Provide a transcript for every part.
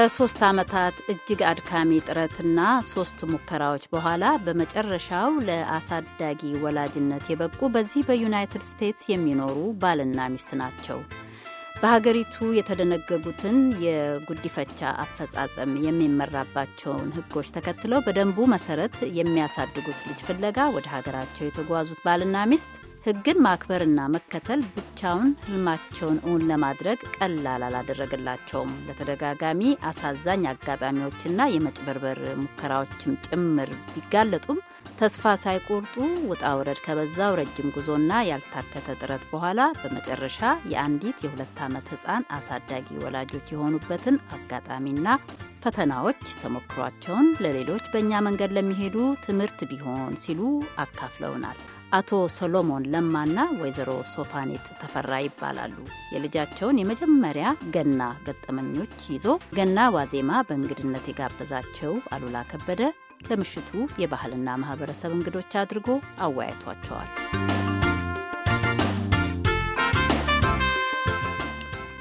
ከሶስት ዓመታት እጅግ አድካሚ ጥረትና ሶስት ሙከራዎች በኋላ በመጨረሻው ለአሳዳጊ ወላጅነት የበቁ በዚህ በዩናይትድ ስቴትስ የሚኖሩ ባልና ሚስት ናቸው። በሀገሪቱ የተደነገጉትን የጉዲፈቻ አፈጻጸም የሚመራባቸውን ሕጎች ተከትለው በደንቡ መሰረት የሚያሳድጉት ልጅ ፍለጋ ወደ ሀገራቸው የተጓዙት ባልና ሚስት ህግን ማክበርና መከተል ብቻውን ህልማቸውን እውን ለማድረግ ቀላል አላደረገላቸውም። ለተደጋጋሚ አሳዛኝ አጋጣሚዎችና የመጭበርበር ሙከራዎችም ጭምር ቢጋለጡም ተስፋ ሳይቆርጡ ውጣ ውረድ ከበዛው ረጅም ጉዞና ያልታከተ ጥረት በኋላ በመጨረሻ የአንዲት የሁለት ዓመት ህፃን አሳዳጊ ወላጆች የሆኑበትን አጋጣሚና ፈተናዎች ተሞክሯቸውን ለሌሎች በእኛ መንገድ ለሚሄዱ ትምህርት ቢሆን ሲሉ አካፍለውናል። አቶ ሰሎሞን ለማና ወይዘሮ ሶፋኔት ተፈራ ይባላሉ። የልጃቸውን የመጀመሪያ ገና ገጠመኞች ይዞ ገና ዋዜማ በእንግድነት የጋበዛቸው አሉላ ከበደ ለምሽቱ የባህልና ማህበረሰብ እንግዶች አድርጎ አወያይቷቸዋል።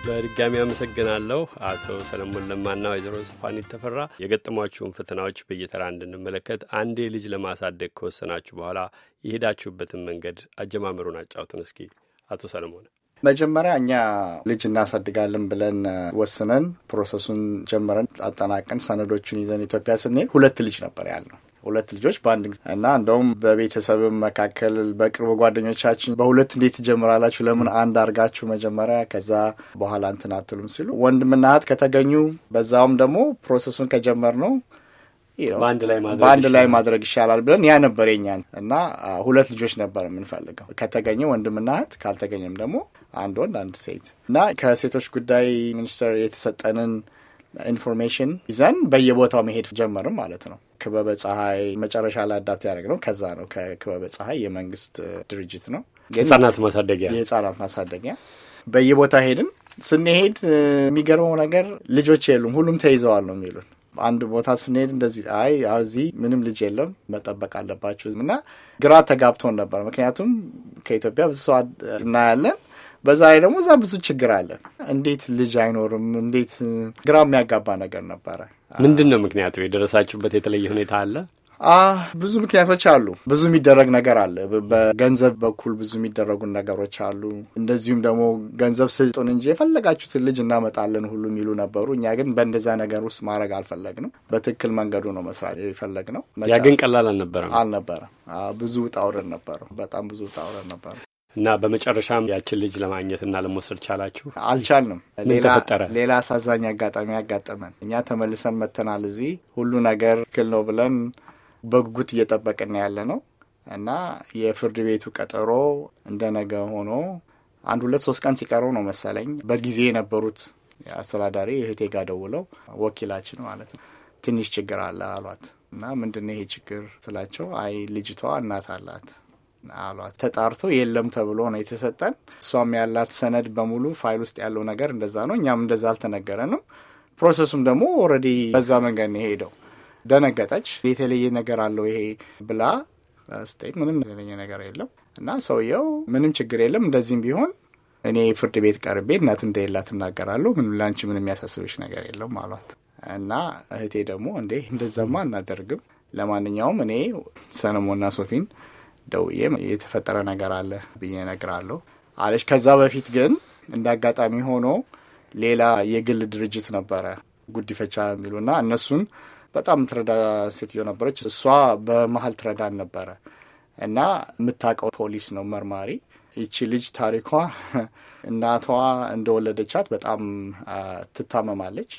በድጋሚ አመሰግናለሁ አቶ ሰለሞን ለማና ወይዘሮ ጽፋኒ ተፈራ የገጠሟችሁን ፈተናዎች በየተራ እንድንመለከት አንዴ ልጅ ለማሳደግ ከወሰናችሁ በኋላ የሄዳችሁበትን መንገድ አጀማመሩን አጫውትን እስኪ አቶ ሰለሞን መጀመሪያ እኛ ልጅ እናሳድጋለን ብለን ወስነን ፕሮሰሱን ጀምረን አጠናቀን ሰነዶቹን ይዘን ኢትዮጵያ ስንሄድ ሁለት ልጅ ነበር ያልነው ሁለት ልጆች በአንድ እና እንደውም በቤተሰብም መካከል በቅርብ ጓደኞቻችን በሁለት እንዴት ትጀምራላችሁ? ለምን አንድ አርጋችሁ መጀመሪያ ከዛ በኋላ እንትን አትሉም ሲሉ ወንድምና እህት ከተገኙ በዛውም ደግሞ ፕሮሰሱን ከጀመር ነው በአንድ ላይ ማድረግ ይሻላል ብለን ያ ነበር የኛን እና ሁለት ልጆች ነበር የምንፈልገው። ከተገኘ ወንድምና እህት ካልተገኘም ደግሞ አንድ ወንድ አንድ ሴት እና ከሴቶች ጉዳይ ሚኒስቴር የተሰጠንን ኢንፎርሜሽን ይዘን በየቦታው መሄድ ጀመርም ማለት ነው። ክበበ ፀሐይ መጨረሻ ላይ አዳፕት ያደረግ ነው። ከዛ ነው ከክበበ ፀሐይ የመንግስት ድርጅት ነው፣ ህጻናት ማሳደጊያ የህጻናት ማሳደጊያ በየቦታ ሄድን። ስንሄድ የሚገርመው ነገር ልጆች የሉም፣ ሁሉም ተይዘዋል ነው የሚሉን። አንድ ቦታ ስንሄድ እንደዚህ አይ እዚህ ምንም ልጅ የለም መጠበቅ አለባችሁ እና ግራ ተጋብቶን ነበር። ምክንያቱም ከኢትዮጵያ ብዙ ሰው እናያለን በዛ ላይ ደግሞ እዛ ብዙ ችግር አለ። እንዴት ልጅ አይኖርም? እንዴት ግራ የሚያጋባ ነገር ነበረ። ምንድን ነው ምክንያቱ? የደረሳችሁበት የተለየ ሁኔታ አለ? ብዙ ምክንያቶች አሉ። ብዙ የሚደረግ ነገር አለ። በገንዘብ በኩል ብዙ የሚደረጉ ነገሮች አሉ። እንደዚሁም ደግሞ ገንዘብ ስጡን እንጂ የፈለጋችሁትን ልጅ እናመጣለን ሁሉ የሚሉ ነበሩ። እኛ ግን በእንደዛ ነገር ውስጥ ማድረግ አልፈለግንም። በትክክል መንገዱ ነው መስራት የፈለግነው። ያ ግን ቀላል አልነበረም አልነበረም። ብዙ ውጣ ውረድ ነበረው። በጣም ብዙ ውጣ ውረድ ነበረው። እና በመጨረሻም ያችን ልጅ ለማግኘትና ለመውሰድ ቻላችሁ? አልቻልንም። ሌላ አሳዛኝ አጋጣሚ ያጋጠመን። እኛ ተመልሰን መተናል። እዚህ ሁሉ ነገር ክል ነው ብለን በጉጉት እየጠበቅን ያለ ነው እና የፍርድ ቤቱ ቀጠሮ እንደነገ ሆኖ አንድ ሁለት ሶስት ቀን ሲቀረው ነው መሰለኝ በጊዜ የነበሩት አስተዳዳሪ እህቴ ጋ ደውለው ወኪላችን ማለት ነው ትንሽ ችግር አለ አሏት እና ምንድነው ይሄ ችግር ስላቸው አይ ልጅቷ እናት አላት አሏት። ተጣርቶ የለም ተብሎ ነው የተሰጠን። እሷም ያላት ሰነድ በሙሉ ፋይል ውስጥ ያለው ነገር እንደዛ ነው። እኛም እንደዛ አልተነገረንም። ፕሮሰሱም ደግሞ ኦልሬዲ በዛ መንገድ ነው የሄደው። ደነገጠች። የተለየ ነገር አለው ይሄ ብላ ስጤት ምንም የተለየ ነገር የለም እና ሰውየው ምንም ችግር የለም እንደዚህም ቢሆን እኔ ፍርድ ቤት ቀርቤ እናት እንደሌላ ትናገራለሁ። ምን ለአንቺ ምን የሚያሳስብሽ ነገር የለም አሏት እና እህቴ ደግሞ እንዴ እንደዛማ አናደርግም። ለማንኛውም እኔ ሰለሞንና ሶፊን ደውዬ የተፈጠረ ነገር አለ ብዬ እነግራለሁ አለች። ከዛ በፊት ግን እንደ አጋጣሚ ሆኖ ሌላ የግል ድርጅት ነበረ ጉዲፈቻ የሚሉና እነሱን በጣም ትረዳ ሴትዮ ነበረች። እሷ በመሀል ትረዳን ነበረ እና የምታውቀው ፖሊስ ነው መርማሪ። ይቺ ልጅ ታሪኳ እናቷ እንደወለደቻት በጣም ትታመማለች።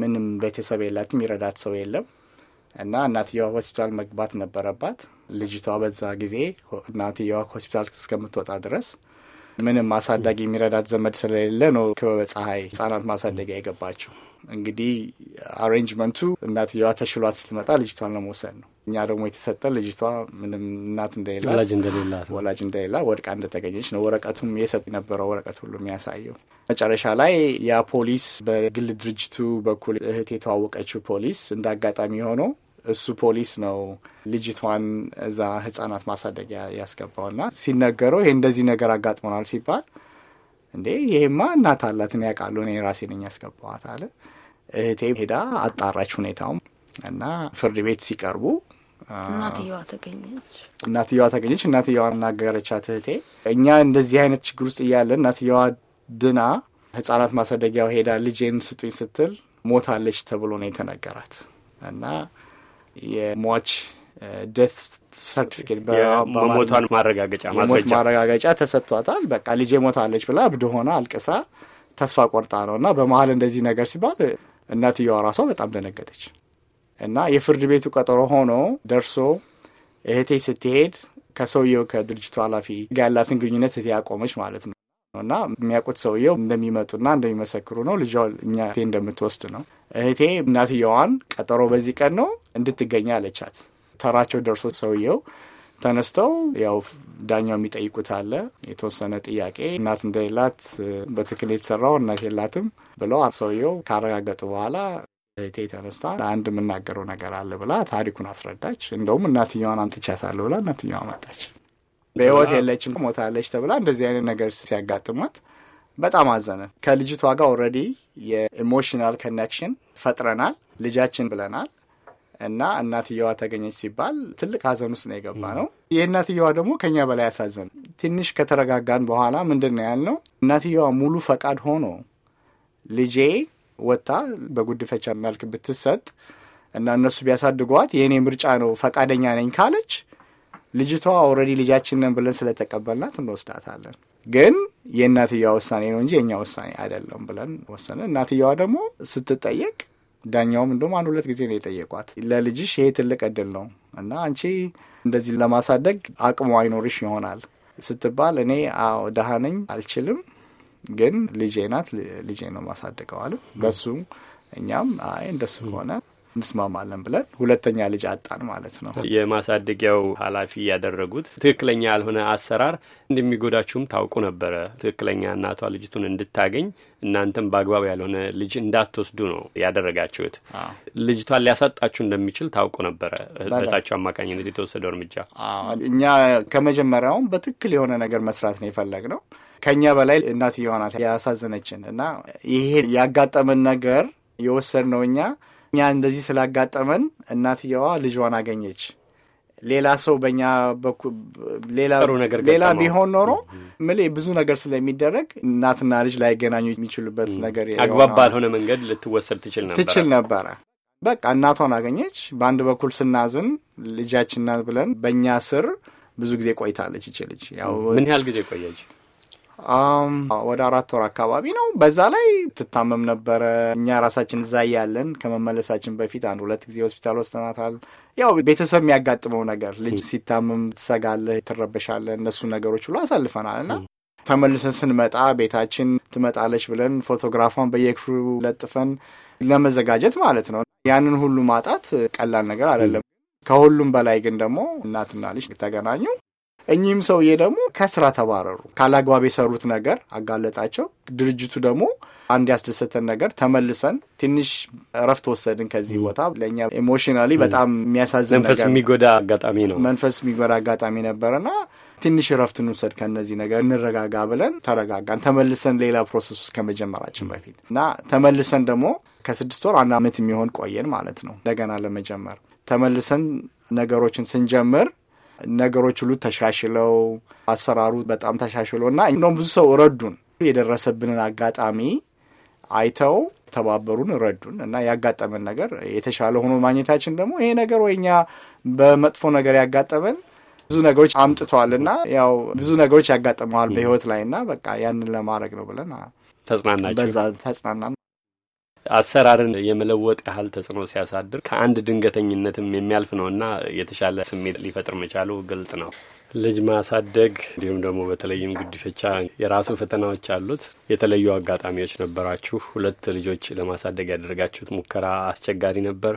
ምንም ቤተሰብ የላትም፣ ይረዳት ሰው የለም። እና እናትየዋ ሆስፒታል መግባት ነበረባት። ልጅቷ በዛ ጊዜ እናትየዋ ሆስፒታል እስከምትወጣ ድረስ ምንም ማሳዳጊ የሚረዳት ዘመድ ስለሌለ ነው ክበበ ፀሐይ ህጻናት ማሳደጊያ የገባችው። እንግዲህ አሬንጅመንቱ እናትየዋ ተሽሏት ስትመጣ ልጅቷን ለመውሰድ ነው። እኛ ደግሞ የተሰጠ ልጅቷ ምንም እናት እንደሌላት ወላጅ እንደሌላ ወድቃ እንደተገኘች ነው። ወረቀቱም የሰጥ የነበረው ወረቀት ሁሉ የሚያሳየው መጨረሻ ላይ ያ ፖሊስ በግል ድርጅቱ በኩል እህት የተዋወቀችው ፖሊስ እንደ አጋጣሚ ሆኖ እሱ ፖሊስ ነው ልጅቷን እዛ ህጻናት ማሳደጊያ ያስገባውና ሲነገረው ይሄ እንደዚህ ነገር አጋጥሞናል ሲባል እንዴ ይሄማ እናት አላት እኔ ያውቃለሁ እኔ ራሴ ነኝ ያስገባዋት አለ። እህቴ ሄዳ አጣራች ሁኔታውም እና ፍርድ ቤት ሲቀርቡ እናትየዋ ተገኘች። እናትየዋ ተገኘች። እናትየዋ እናገረቻት እህቴ እኛ እንደዚህ አይነት ችግር ውስጥ እያለ እናትየዋ ድና ህጻናት ማሳደጊያው ሄዳ ልጄን ስጡኝ ስትል ሞታለች ተብሎ ነው የተነገራት እና የሟች ደት ሰርቲፊኬት በሞቷን ማረጋገጫ የሞት ማረጋገጫ ተሰጥቷታል። በቃ ልጄ ሞታለች ብላ እብድ ሆና አልቅሳ ተስፋ ቆርጣ ነው እና በመሀል እንደዚህ ነገር ሲባል እናትየዋ ራሷ በጣም ደነገጠች እና የፍርድ ቤቱ ቀጠሮ ሆኖ ደርሶ እህቴ ስትሄድ ከሰውየው ከድርጅቱ ኃላፊ ጋር ያላትን ግንኙነት እህቴ ያቆመች ማለት ነው። ነው እና የሚያውቁት ሰውየው እንደሚመጡና እንደሚመሰክሩ ነው። ልጇ እኛ እህቴ እንደምትወስድ ነው። እህቴ እናትየዋን ቀጠሮ በዚህ ቀን ነው እንድትገኝ አለቻት። ተራቸው ደርሶ ሰውየው ተነስተው ያው ዳኛው የሚጠይቁት አለ የተወሰነ ጥያቄ እናት እንደሌላት በትክክል የተሰራው እናት የላትም ብለው ሰውየው ካረጋገጡ በኋላ እህቴ ተነስታ አንድ የምናገረው ነገር አለ ብላ ታሪኩን አስረዳች። እንደውም እናትየዋን አምጥቻታለሁ ብላ እናትየዋ መጣች። በህይወት የለችም ሞታለች ተብላ እንደዚህ አይነት ነገር ሲያጋጥሟት በጣም አዘነን። ከልጅቷ ጋር ኦልሬዲ የኢሞሽናል ኮኔክሽን ፈጥረናል፣ ልጃችን ብለናል እና እናትየዋ ተገኘች ሲባል ትልቅ ሀዘን ውስጥ ነው የገባ ነው። የእናትየዋ ደግሞ ከኛ በላይ ያሳዘን። ትንሽ ከተረጋጋን በኋላ ምንድን ነው ያልነው፣ እናትየዋ ሙሉ ፈቃድ ሆኖ ልጄ ወጥታ በጉድፈቻ መልክ ብትሰጥ እና እነሱ ቢያሳድጓት የእኔ ምርጫ ነው ፈቃደኛ ነኝ ካለች ልጅቷ ኦልሬዲ ልጃችን ነን ብለን ስለተቀበልናት እንወስዳታለን። ግን የእናትየዋ ውሳኔ ነው እንጂ የእኛ ውሳኔ አይደለም ብለን ወሰነ። እናትየዋ ደግሞ ስትጠየቅ ዳኛውም እንደውም አንድ ሁለት ጊዜ ነው የጠየቋት። ለልጅሽ ይሄ ትልቅ እድል ነው እና አንቺ እንደዚህ ለማሳደግ አቅሙ አይኖርሽ ይሆናል ስትባል እኔ አዎ ደሃ ነኝ አልችልም፣ ግን ልጄ ናት፣ ልጄ ነው ማሳደገዋል። በሱ እኛም አይ እንደሱ ከሆነ እንስማማለን ብለን ሁለተኛ ልጅ አጣን ማለት ነው። የማሳደጊያው ኃላፊ ያደረጉት ትክክለኛ ያልሆነ አሰራር እንደሚጎዳችሁም ታውቁ ነበረ። ትክክለኛ እናቷ ልጅቱን እንድታገኝ እናንተም በአግባብ ያልሆነ ልጅ እንዳትወስዱ ነው ያደረጋችሁት። ልጅቷን ሊያሳጣችሁ እንደሚችል ታውቁ ነበረ። እህታችሁ አማካኝነት የተወሰደው እርምጃ እኛ ከመጀመሪያውም በትክክል የሆነ ነገር መስራት ነው የፈለግነው። ከእኛ በላይ እናትየዋ ናት ያሳዘነችን እና ይሄ ያጋጠመን ነገር የወሰድነው እኛ እኛ እንደዚህ ስላጋጠመን እናትየዋ ልጇን አገኘች። ሌላ ሰው በእኛ በኩል ሌላ ቢሆን ኖሮ ምል ብዙ ነገር ስለሚደረግ እናትና ልጅ ላይገናኙ የሚችሉበት ነገር አግባብ ባልሆነ መንገድ ልትወሰድ ትችል ነበር ትችል ነበረ። በቃ እናቷን አገኘች። በአንድ በኩል ስናዝን ልጃችን ናት ብለን በእኛ ስር ብዙ ጊዜ ቆይታለች። ይች ምን ያህል ጊዜ ቆየች? ወደ አራት ወር አካባቢ ነው። በዛ ላይ ትታመም ነበረ። እኛ ራሳችን እዛ ያለን ከመመለሳችን በፊት አንድ ሁለት ጊዜ ሆስፒታል ወስደናታል። ያው ቤተሰብ የሚያጋጥመው ነገር ልጅ ሲታመም ትሰጋለህ፣ ትረበሻለህ። እነሱ ነገሮች ሁሉ አሳልፈናል እና ተመልሰን ስንመጣ ቤታችን ትመጣለች ብለን ፎቶግራፏን በየክፍሉ ለጥፈን ለመዘጋጀት ማለት ነው። ያንን ሁሉ ማጣት ቀላል ነገር አይደለም። ከሁሉም በላይ ግን ደግሞ እናትና ልጅ ተገናኙ። እኚህም ሰውዬ ደግሞ ከስራ ተባረሩ። ካላግባብ የሰሩት ነገር አጋለጣቸው። ድርጅቱ ደግሞ አንድ ያስደሰተን ነገር ተመልሰን ትንሽ እረፍት ወሰድን ከዚህ ቦታ። ለእኛ ኢሞሽናሊ በጣም የሚያሳዝን መንፈስ የሚጎዳ አጋጣሚ ነው። መንፈስ የሚጎዳ አጋጣሚ ነበረና ትንሽ እረፍት እንውሰድ ከእነዚህ ነገር እንረጋጋ ብለን ተረጋጋን። ተመልሰን ሌላ ፕሮሰስ ውስጥ ከመጀመራችን በፊት እና ተመልሰን ደግሞ ከስድስት ወር አንድ አመት የሚሆን ቆየን ማለት ነው እንደገና ለመጀመር ተመልሰን ነገሮችን ስንጀምር ነገሮች ሁሉ ተሻሽለው አሰራሩ በጣም ተሻሽሎ እና እንደውም ብዙ ሰው ረዱን። የደረሰብንን አጋጣሚ አይተው ተባበሩን፣ ረዱን እና ያጋጠመን ነገር የተሻለ ሆኖ ማግኘታችን ደግሞ ይሄ ነገር ወይ እኛ በመጥፎ ነገር ያጋጠመን ብዙ ነገሮች አምጥተዋል እና ያው ብዙ ነገሮች ያጋጥመዋል በህይወት ላይ እና በቃ ያንን ለማድረግ ነው ብለን ተጽናናቸው በዛ ተጽናናን። አሰራርን የመለወጥ ያህል ተጽዕኖ ሲያሳድር ከአንድ ድንገተኝነትም የሚያልፍ ነው እና የተሻለ ስሜት ሊፈጥር መቻሉ ግልጽ ነው። ልጅ ማሳደግ እንዲሁም ደግሞ በተለይም ጉዲፈቻ የራሱ ፈተናዎች አሉት። የተለዩ አጋጣሚዎች ነበራችሁ። ሁለት ልጆች ለማሳደግ ያደረጋችሁት ሙከራ አስቸጋሪ ነበር።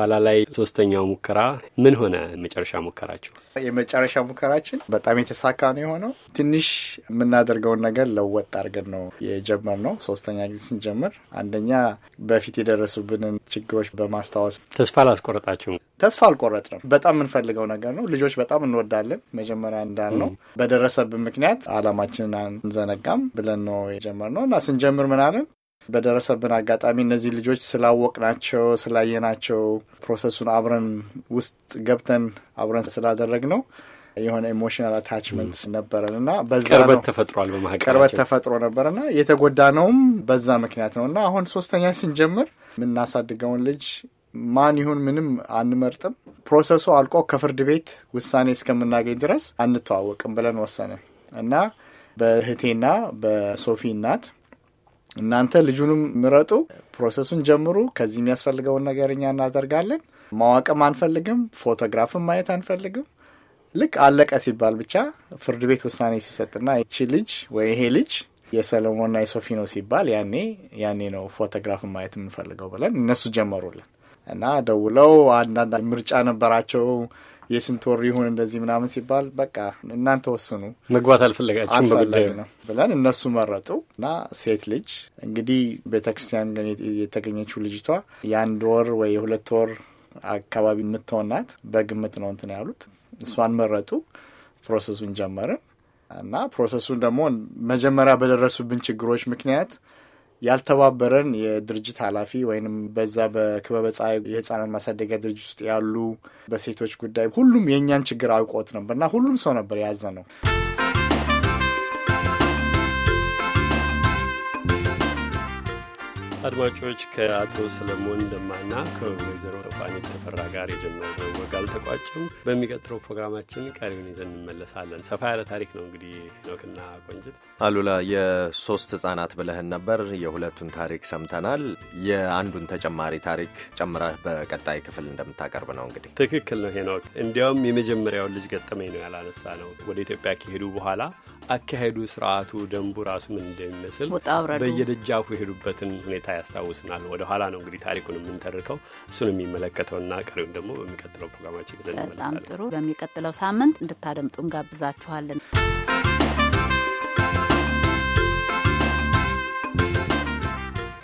በኋላ ላይ ሶስተኛው ሙከራ ምን ሆነ? መጨረሻ ሙከራቸው የመጨረሻ ሙከራችን በጣም የተሳካ ነው የሆነው። ትንሽ የምናደርገውን ነገር ለወጥ አድርገን ነው የጀመር ነው። ሶስተኛ ጊዜ ስንጀምር አንደኛ በፊት የደረሱብንን ችግሮች በማስታወስ ተስፋ አላስቆረጣችሁም? ተስፋ አልቆረጥንም። በጣም የምንፈልገው ነገር ነው። ልጆች በጣም እንወዳለን። መጀመሪያ እንዳልነው በደረሰብን ምክንያት አላማችንን አንዘነጋም ብለን ነው የጀመርነው እና ስንጀምር ምናለን በደረሰብን አጋጣሚ እነዚህ ልጆች ስላወቅናቸው ስላየናቸው ፕሮሰሱን አብረን ውስጥ ገብተን አብረን ስላደረግ ነው የሆነ ኢሞሽናል አታችመንት ነበረን እና በዛ ተፈጥሯል። ቅርበት ተፈጥሮ ና የተጎዳ ነውም በዛ ምክንያት ነው እና አሁን ሶስተኛ ስንጀምር የምናሳድገውን ልጅ ማን ይሁን ምንም አንመርጥም። ፕሮሰሱ አልቆ ከፍርድ ቤት ውሳኔ እስከምናገኝ ድረስ አንተዋወቅም ብለን ወሰንን እና በእህቴና በሶፊ እናት እናንተ ልጁንም ምረጡ፣ ፕሮሰሱን ጀምሩ። ከዚህ የሚያስፈልገውን ነገር እኛ እናደርጋለን። ማዋቅም አንፈልግም፣ ፎቶግራፍም ማየት አንፈልግም። ልክ አለቀ ሲባል ብቻ ፍርድ ቤት ውሳኔ ሲሰጥና ይቺ ልጅ ወይ ይሄ ልጅ የሰለሞንና የሶፊ ነው ሲባል ያኔ ያኔ ነው ፎቶግራፍን ማየት የምንፈልገው ብለን እነሱ ጀመሩልን። እና ደውለው አንዳንድ ምርጫ ነበራቸው የስንት ወር ይሁን እንደዚህ ምናምን ሲባል በቃ እናንተ ወስኑ፣ መግባት አልፈለጋችሁም በጉዳዩ ነው ብለን እነሱ መረጡ እና ሴት ልጅ እንግዲህ ቤተክርስቲያን የተገኘችው ልጅቷ የአንድ ወር ወይ የሁለት ወር አካባቢ የምትሆናት በግምት ነው እንትን ያሉት። እሷን መረጡ። ፕሮሰሱን ጀመርን እና ፕሮሰሱን ደግሞ መጀመሪያ በደረሱብን ችግሮች ምክንያት ያልተባበረን የድርጅት ኃላፊ ወይንም በዛ በክበበ ፀሐይ የህፃናት ማሳደጊያ ድርጅት ውስጥ ያሉ በሴቶች ጉዳይ ሁሉም የእኛን ችግር አውቆት ነበር እና ሁሉም ሰው ነበር የያዘ ነው። አድማጮች ከአቶ ሰለሞን ደማና ከወይዘሮ ፋኒት ተፈራ ጋር የጀመረው ወግ አልተቋጨም። በሚቀጥለው ፕሮግራማችን ቀሪውን ይዘን እንመለሳለን። ሰፋ ያለ ታሪክ ነው እንግዲህ ሄኖክና ቆንጅት። አሉላ የሶስት ህጻናት ብለህን ነበር። የሁለቱን ታሪክ ሰምተናል። የአንዱን ተጨማሪ ታሪክ ጨምረህ በቀጣይ ክፍል እንደምታቀርብ ነው እንግዲህ። ትክክል ነው ሄኖክ። እንዲያውም የመጀመሪያውን ልጅ ገጠመኝ ነው ያላነሳ ነው። ወደ ኢትዮጵያ ከሄዱ በኋላ አካሄዱ፣ ስርዓቱ፣ ደንቡ ራሱ ምን እንደሚመስል በየደጃፉ የሄዱበትን ሁኔታ ያስታውስናል። ወደ ኋላ ነው እንግዲህ ታሪኩን የምንተርከው እሱን የሚመለከተውና ቀሪውን ደግሞ በሚቀጥለው ፕሮግራማችን ይዘን በጣም ጥሩ በሚቀጥለው ሳምንት እንድታደምጡ እንጋብዛችኋለን።